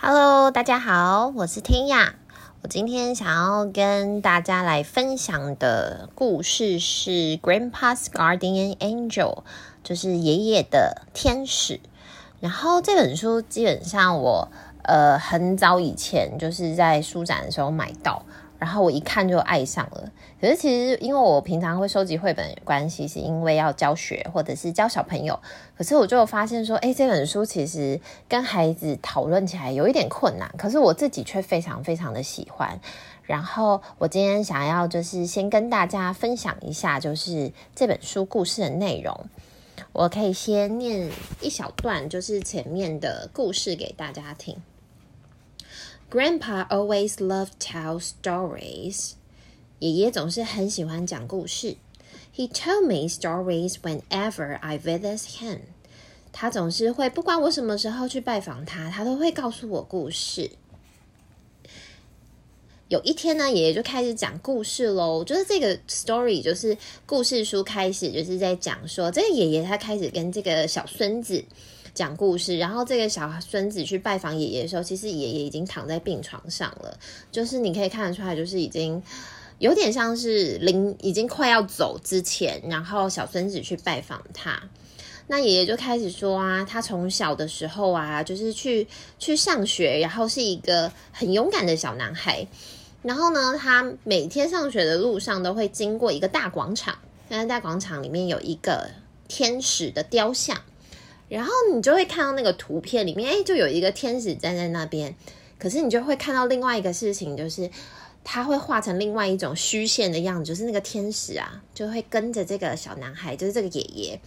Hello，大家好，我是彈雅。我今天想要跟大家來分享的故事是《Grandpa's Guardian Angel》，就是爺爺的天使。然後這本書基本上我呃很早以前就是在書展的時候買到。然後我一看就愛上了，可是其實因為我平常會收集繪本關係，是因為要教學或者是教小朋友，可是我就發現說，哎，這本書其實跟孩子討論起來有一點困難，可是我自己卻非常非常的喜歡。然後我今天想要就是先跟大家分享一下，就是這本書故事的內容，我可以先念一小段，就是前面的故事給大家聽。Grandpa always loved tell stories，爺爺總是很喜歡講故事。He told me stories whenever I visited him。他總是會，不管我什麼時候去拜訪他，他都會告訴我故事。有一天呢，爺爺就開始講故事嘍。就是這個 story，就是故事書開始，就是在講說，這個爺爺他開始跟這個小孫子。講故事，然後這個小孫子去拜訪爺爺的時候，其實爺爺已經躺在病床上了，就是你可以看得出來，就是已經有點像是臨已經快要走之前，然後小孫子去拜訪他，那爺爺就開始說啊，他從小的時候啊，就是去去上學，然後是一個很勇敢的小男孩，然後呢，他每天上學的路上都會經過一個大廣場，那大廣場裡面有一個天使的雕像。然後你就會看到那個圖片裡面，哎，就有一個天使站在那邊。可是你就會看到另外一個事情，就是他會畫成另外一種虛線的樣子，就是那個天使啊，就會跟着這個小男孩，就是這個爺爺，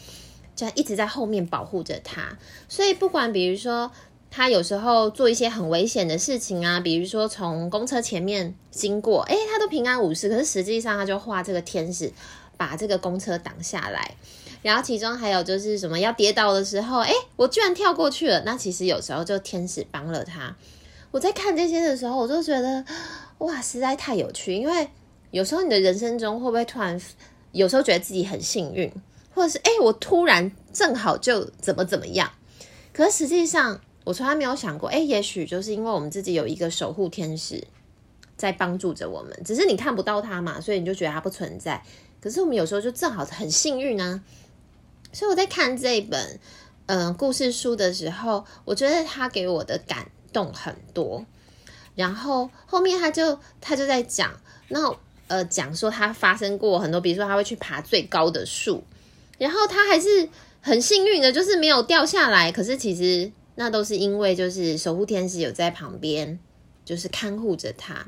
就一直在後面保護着他。所以不管比如說他有時候做一些很危險的事情啊，比如說從公車前面經過，誒，他都平安無事。可是實際上他就畫這個天使把這個公車擋下來。然後其中還有就是什麼要跌倒的時候，誒，我居然跳過去了。那其實有時候就天使幫了他。我在看這些的時候，我就覺得哇，實在太有趣。因為有時候你的人生中會不會突然，有時候覺得自己很幸運，或者是誒，我突然正好就怎麼怎麼樣。可是實際上，我從來沒有想過，誒，也許就是因為我們自己有一個守護天使在幫助着我們，只是你看不到他嘛，所以你就覺得他不存在。可是我們有時候就正好很幸運呢、啊。所以我在看這一本嗯、呃、故事書的時候，我覺得他給我的感動很多。然後後面他就他就在講，那呃講說他發生過很多，比如說他會去爬最高的樹，然後他還是很幸運的，就是沒有掉下來。可是其實那都是因為就是守護天使有在旁邊，就是看護着他。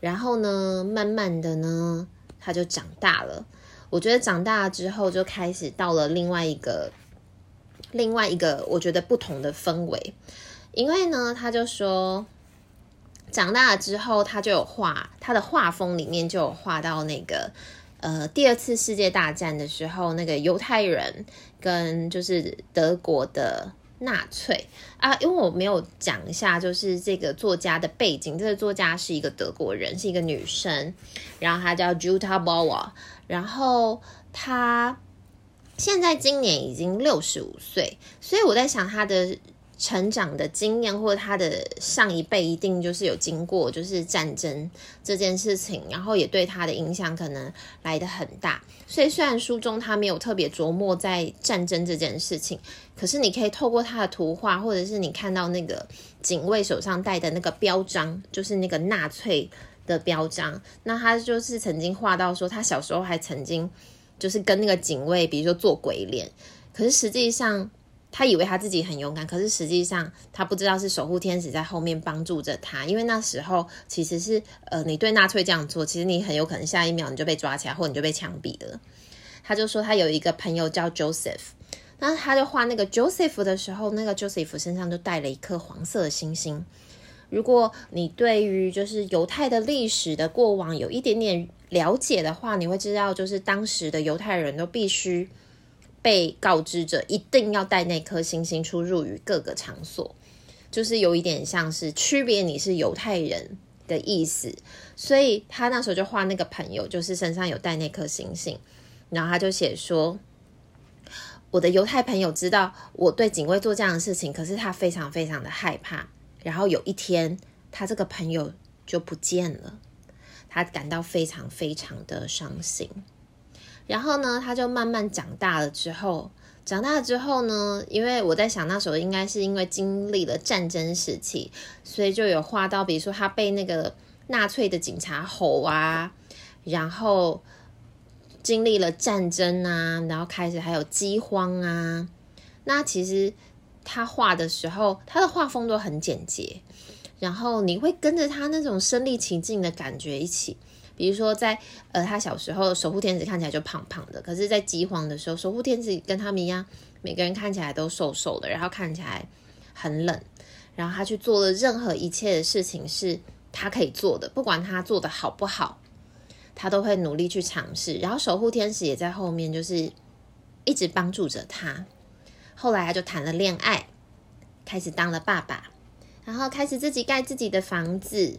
然後呢，慢慢的呢，他就長大了。我覺得長大了之後就開始到了另外一個另外一個，我覺得不同的氛圍，因為呢，他就說，長大了之後他就有畫，他的畫風裡面就有畫到那個呃第二次世界大戰的時候，那個猶太人跟就是德國的。納粹啊，因為我沒有講一下，就是這個作家的背景，這個作家是一個德國人，是一個女生，然後她叫 Jutta Bauer，然後她現在今年已經六十五歲，所以我在想她的，成長的經驗，或者他的上一輩一定就是有經過，就是戰爭這件事情，然後也對他的影響可能來得很大。所以雖然書中他沒有特別琢磨在戰爭這件事情，可是你可以透過他的圖畫，或者是你看到那個警衛手上戴的那個標章，就是那個納粹的標章。那他就是曾經畫到說，他小時候還曾經就是跟那個警衛，比如說做鬼臉，可是實際上。他以為他自己很勇敢，可是實際上他不知道是守護天使在後面幫助着他。因為那時候其實是，呃，你對納粹這樣做，其實你很有可能下一秒你就被抓起來，或者你就被槍斃了。他就說他有一個朋友叫 Joseph，那他就畫那個 Joseph 的時候，那個 Joseph 身上就帶了一顆黃色的星星。如果你對於就是猶太的歷史的過往有一點點了解的話，你會知道就是當時的猶太人都必須。被告知着一定要帶那顆星星出入於各個場所，就是有一點像是區別你是猶太人的意思，所以他那時候就畫那個朋友，就是身上有帶那顆星星，然後他就寫說，我的猶太朋友知道我對警衛做這樣的事情，可是他非常非常的害怕，然後有一天他這個朋友就不見了，他感到非常非常的傷心。然後呢，他就慢慢長大了。之後，長大了之後呢，因為我在想，那時候應該是因為經歷了戰爭時期，所以就有畫到，比如說他被那個納粹的警察吼啊，然後經歷了戰爭啊，然後開始還有饑荒啊。那其實他畫的時候，他的畫風都很簡潔，然後你會跟着他那種身歷其境的感覺一起。比如說在，在呃，他小時候守護天使看起來就胖胖的，可是，在饑荒的時候，守護天使跟他們一樣，每個人看起來都瘦瘦的，然後看起來很冷。然後他去做了任何一切的事情是他可以做的，不管他做的好不好，他都會努力去嘗試。然後守護天使也在後面就是一直幫助着他。後來他就談了戀愛，開始當了爸爸，然後開始自己蓋自己的房子。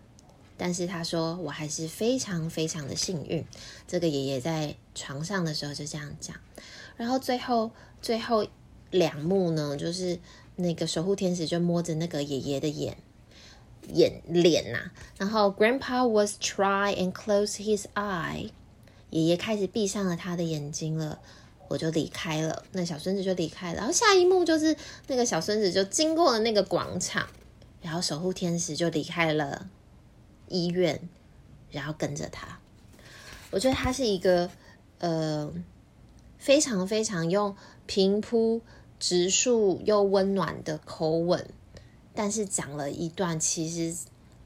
但是他說，我還是非常非常的幸運。這個爺爺在床上的時候就這樣講，然後最後最後兩幕呢，就是那個守護天使就摸着那個爺爺的眼眼臉吶，然後 Grandpa was trying to close his eyes，爺爺開始閉上了他的眼睛了，我就離開了，那小孫子就離開了，然後下一幕就是那個小孫子就經過了那個廣場，然後守護天使就離開了。醫院，然後跟着他，我覺得他是一個呃非常非常用平鋪直敘又溫暖的口吻，但是講了一段，其實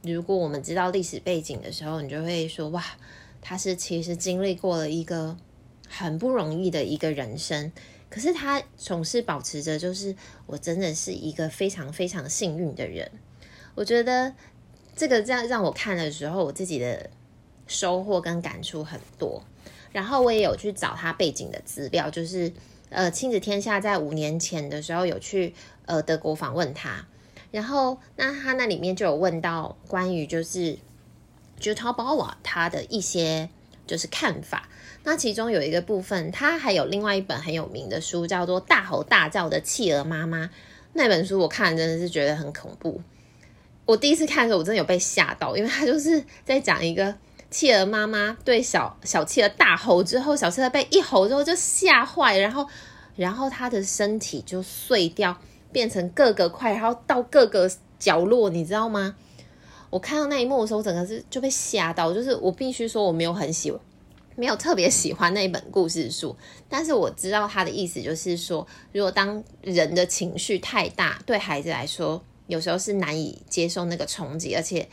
如果我們知道歷史背景的時候，你就會說哇，他是其實經歷過了一個很不容易的一個人生，可是他總是保持着，就是我真的是一個非常非常幸運的人，我覺得。這個在讓我看的時候，我自己的收穫跟感觸很多。然後我也有去找他背景的資料，就是呃，親子天下在五年前的時候有去呃德國訪問他，然後那他那裡面就有問到關於就是就 Jutta Bauer 他的一些就是看法。那其中有一個部分，他還有另外一本很有名的書叫做《大吼大叫的企鵝媽媽》，那本書我看真的是覺得很恐怖。我第一次看的時候，我真的有被嚇到，因為他就是在講一個企鵝媽媽對小小企鵝大吼之後，小企鵝被一吼之後就嚇壞，然後，然後他的身體就碎掉，變成各個塊，然後到各個角落，你知道嗎？我看到那一幕的時候，我整個是就被嚇到，就是我必須說我沒有很喜歡，沒有特別喜歡那一本故事書，但是我知道他的意思就是說，如果當人的情緒太大，對孩子來說。有時候是難以接受那個衝擊，而且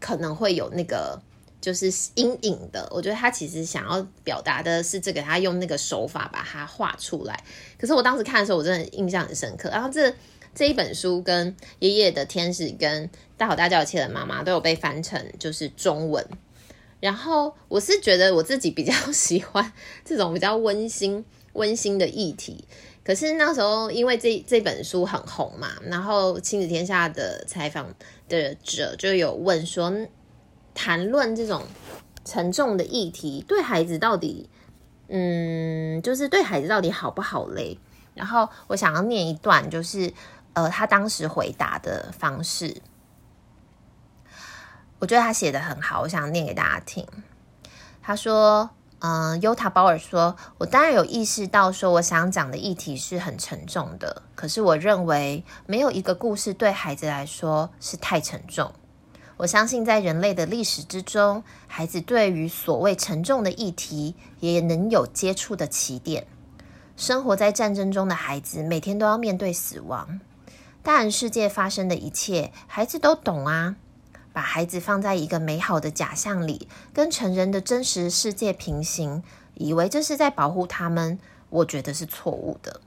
可能會有那個就是陰影的。我覺得他其實想要表達的是這個，他用那個手法把它畫出來。可是我當時看的時候，我真的印象很深刻。然後這這一本書跟《爺爺的天使》跟《大吼大叫的企鵝媽媽》都有被翻成就是中文。然後我是覺得我自己比較喜歡這種比較溫馨溫馨的議題。可是那時候，因為這這本書很紅嘛，然後《親子天下》的採訪的者就有問說，談論這種沉重的議題，對孩子到底，嗯，就是對孩子到底好不好嘞？然後我想要念一段，就是呃，他當時回答的方式，我覺得他寫得很好，我想念給大家聽。他說。嗯、uh,，尤塔·保爾說：“我當然有意識到，說我想講的議題是很沉重的。可是我認為，沒有一個故事對孩子來說是太沉重。我相信，在人類的歷史之中，孩子對於所謂沉重的議題，也能有接觸的起點。生活在戰爭中的孩子，每天都要面對死亡。當然，世界發生的一切，孩子都懂啊。”把孩子放在一個美好的假象裡，跟成人的真實世界平行，以為這是在保護他們，我覺得是錯誤的。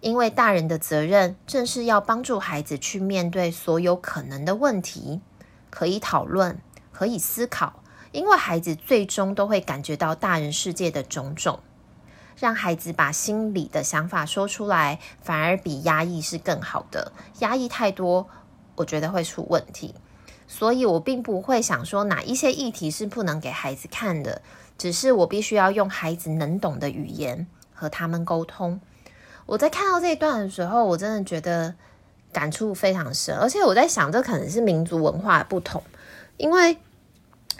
因為大人的責任正是要幫助孩子去面對所有可能的問題，可以討論，可以思考。因為孩子最終都會感覺到大人世界的種種。讓孩子把心裡的想法說出來，反而比壓抑是更好的。壓抑太多，我覺得會出問題。所以，我並不會想說哪一些議題是不能給孩子看的，只是我必須要用孩子能懂的語言和他們溝通。我在看到這一段的時候，我真的覺得感觸非常深，而且我在想，這可能是民族文化的不同，因為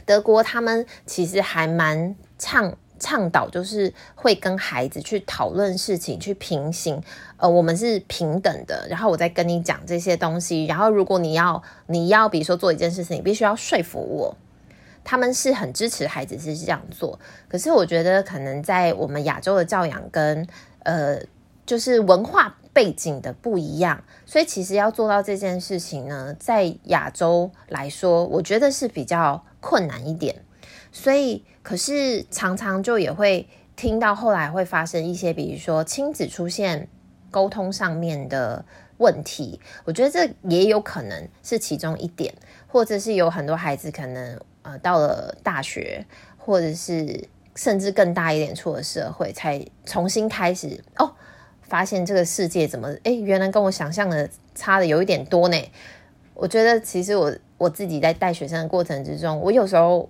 德國他們其實還蠻唱。倡導就是會跟孩子去討論事情，去平行，呃，我們是平等的。然後我再跟你講這些東西。然後如果你要，你要比如說做一件事情，你必須要說服我。他們是很支持孩子是這樣做，可是我覺得可能在我們亞洲的教養跟呃，就是文化背景的不一樣，所以其實要做到這件事情呢，在亞洲來說，我覺得是比較困難一點。所以，可是常常就也會聽到後來會發生一些，比如說親子出現溝通上面的問題。我覺得這也有可能是其中一點，或者是有很多孩子可能、呃、到了大學，或者是甚至更大一點出了社會，才重新開始哦，發現這個世界怎麼，哎，原來跟我想象的差的有一點多呢。我覺得其實我我自己在帶學生的過程之中，我有時候。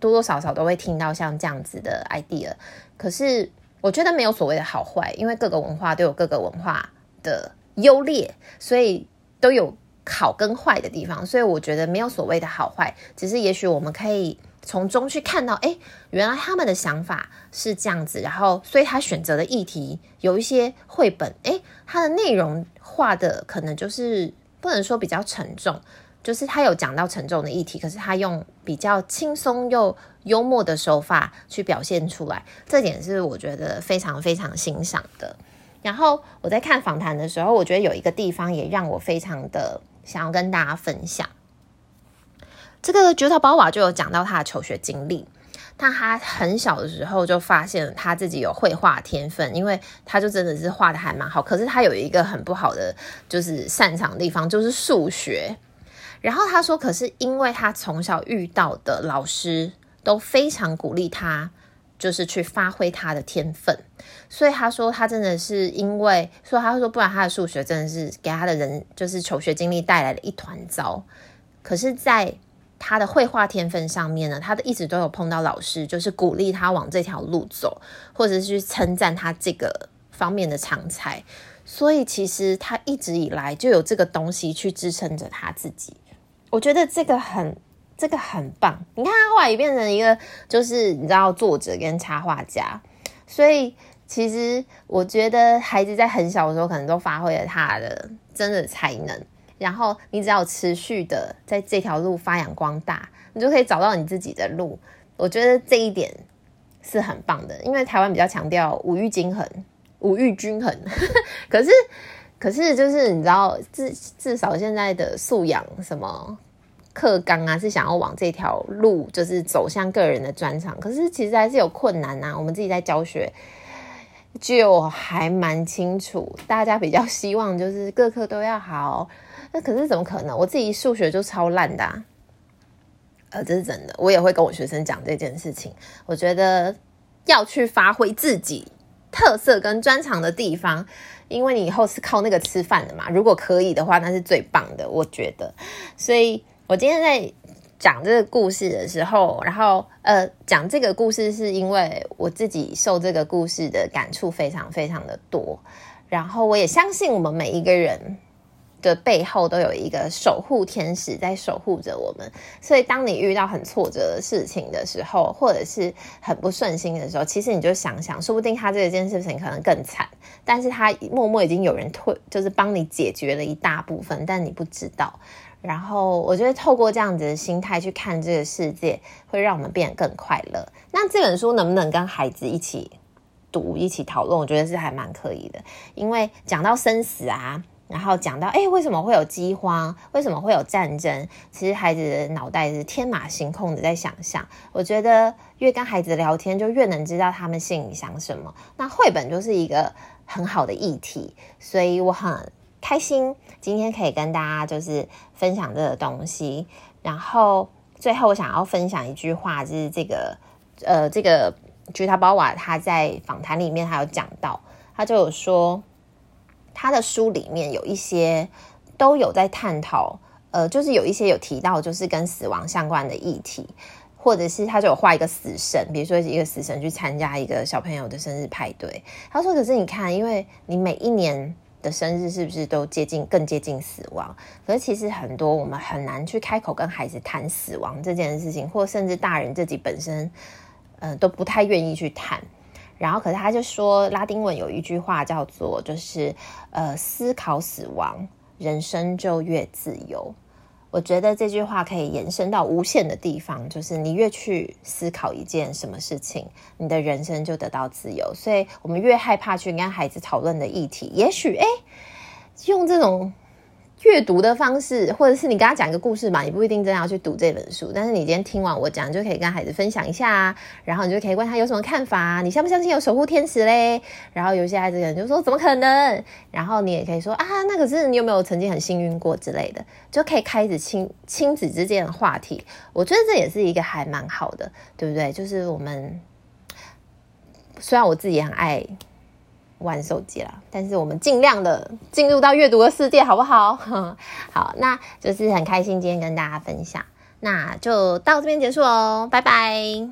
多多少少都會聽到像這樣子的 idea，可是我覺得沒有所謂的好壞，因為各個文化都有各個文化的優劣，所以都有好跟壞的地方，所以我覺得沒有所謂的好壞，只是也許我們可以從中去看到，誒，原來他們的想法是這樣子，然後所以他選擇的議題有一些繪本，誒，它的內容畫的可能就是不能說比較沉重。就是他有講到沉重的議題，可是他用比較輕鬆又幽默的手法去表現出來，這點是我覺得非常非常欣賞的。然後我在看訪談的時候，我覺得有一個地方也讓我非常的想要跟大家分享。這個傑托鮑瓦就有講到他的求學經歷，但他很小的時候就發現他自己有繪畫天分，因為他就真的是畫得還蠻好。可是他有一個很不好的就是擅長的地方就是數學。然後他說：“可是因為他從小遇到的老師都非常鼓勵他，就是去發揮他的天分，所以他說他真的是因為，所以他說不然他的數學真的是給他的人就是求學經歷帶來了一團糟。可是，在他的繪畫天分上面呢，他一直都有碰到老師，就是鼓勵他往這條路走，或者是去稱讚他這個方面的長才。所以，其實他一直以來就有這個東西去支撐着他自己。”我覺得這個很，這個很棒。你看他後來也變成一個，就是你知道作者跟插畫家。所以其實我覺得孩子在很小的時候可能都發揮了他的真的才能。然後你只要持續的在這條路發揚光大，你就可以找到你自己的路。我覺得這一點是很棒的，因為台灣比較強調五育均衡，五育均衡，可是。可是，就是你知道，至至少現在的素養，什麼課綱啊，是想要往這條路，就是走向個人的專長。可是，其實還是有困難吶、啊。我們自己在教學，就還蠻清楚，大家比較希望就是各科都要好。那可是怎麼可能？我自己數學就超爛的、啊，呃、啊，這是真的。我也會跟我學生講這件事情。我覺得要去發揮自己。特色跟專長的地方，因為你以後是靠那個吃飯的嘛。如果可以的話，那是最棒的，我覺得。所以我今天在講這個故事的時候，然後呃，講這個故事是因為我自己受這個故事的感觸非常非常的多。然後我也相信我們每一個人。的背後都有一個守護天使在守護着我們，所以當你遇到很挫折的事情的時候，或者是很不順心的時候，其實你就想想，說不定他這件事情可能更慘，但是他默默已經有人推，就是幫你解決了一大部分，但你不知道。然後我覺得透過這樣子的心態去看這個世界，會讓我們變得更快樂。那這本書能不能跟孩子一起讀、一起討論？我覺得是還蠻可以的，因為講到生死啊。然後講到，哎，為什麼會有饑荒？為什麼會有戰爭？其實孩子的腦袋是天馬行空的在想象。我覺得越跟孩子聊天，就越能知道他們心裡想什麼。那繪本就是一個很好的議題，所以我很開心今天可以跟大家就是分享這個東西。然後最後我想要分享一句話，就是這個，呃，這個，居塔包瓦他在訪談裡面還有講到，他就有說。他的書裡面有一些都有在探討，呃，就是有一些有提到，就是跟死亡相關的議題，或者是他就有畫一個死神，比如說一個死神去參加一個小朋友的生日派對。他說：“可是你看，因為你每一年的生日是不是都接近更接近死亡？可是其實很多我們很難去開口跟孩子談死亡這件事情，或甚至大人自己本身，嗯、呃，都不太願意去談。”然後，可是他就說，拉丁文有一句話叫做“就是、呃、思考死亡，人生就越自由”。我覺得這句話可以延伸到無限的地方，就是你越去思考一件什麼事情，你的人生就得到自由。所以我們越害怕去跟孩子討論的議題，也許哎，用這種。閱讀的方式，或者是你跟他講一個故事嘛，你不一定真的要去讀這本書，但是你今天聽完我講，就可以跟孩子分享一下啊，然後你就可以問他有什麼看法啊，你相不相信有守護天使嘞？然後有些孩子可能就說怎麼可能？然後你也可以說啊，那可是你有沒有曾經很幸運過之類的，就可以開始親親子之間的話題。我覺得這也是一個還蠻好的，對不對？就是我們雖然我自己很愛。玩手機了，但是我們儘量的進入到閱讀的世界，好不好？ 好，那就是很開心今天跟大家分享，那就到這邊結束哦，拜拜。